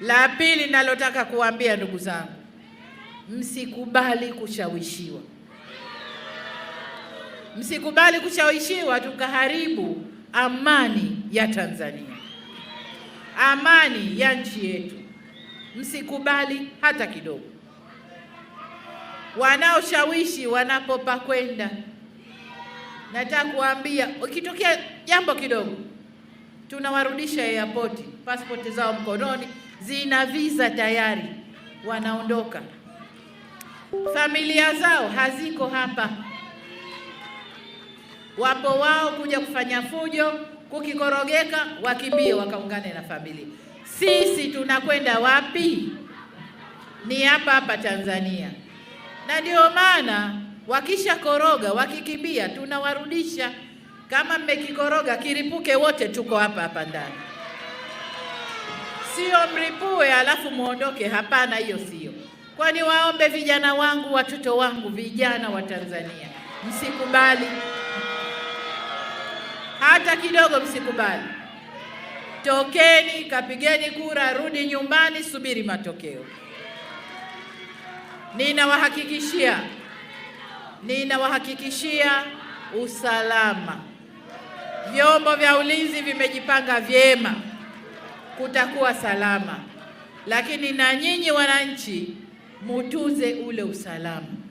La pili nalotaka kuambia ndugu zangu, msikubali kushawishiwa, msikubali kushawishiwa tukaharibu amani ya Tanzania, amani ya nchi yetu. Msikubali hata kidogo. Wanaoshawishi wanapopa kwenda, nataka kuambia, ukitokea jambo kidogo tunawarudisha airport, pasipoti zao mkononi zina visa tayari, wanaondoka. Familia zao haziko hapa, wapo wao kuja kufanya fujo, kukikorogeka wakimbie wakaungane na familia. Sisi tunakwenda wapi? Ni hapa hapa Tanzania, na ndio maana wakishakoroga wakikimbia, tunawarudisha. Kama mmekikoroga kiripuke, wote tuko hapa hapa ndani sio mlipue alafu muondoke. Hapana, hiyo sio. Kwa niwaombe vijana wangu, watoto wangu, vijana wa Tanzania, msikubali hata kidogo, msikubali. Tokeni kapigeni kura, rudi nyumbani, subiri matokeo. Ninawahakikishia, ninawahakikishia usalama. Vyombo vya ulinzi vimejipanga vyema kutakuwa salama, lakini na nyinyi wananchi mutunze ule usalama.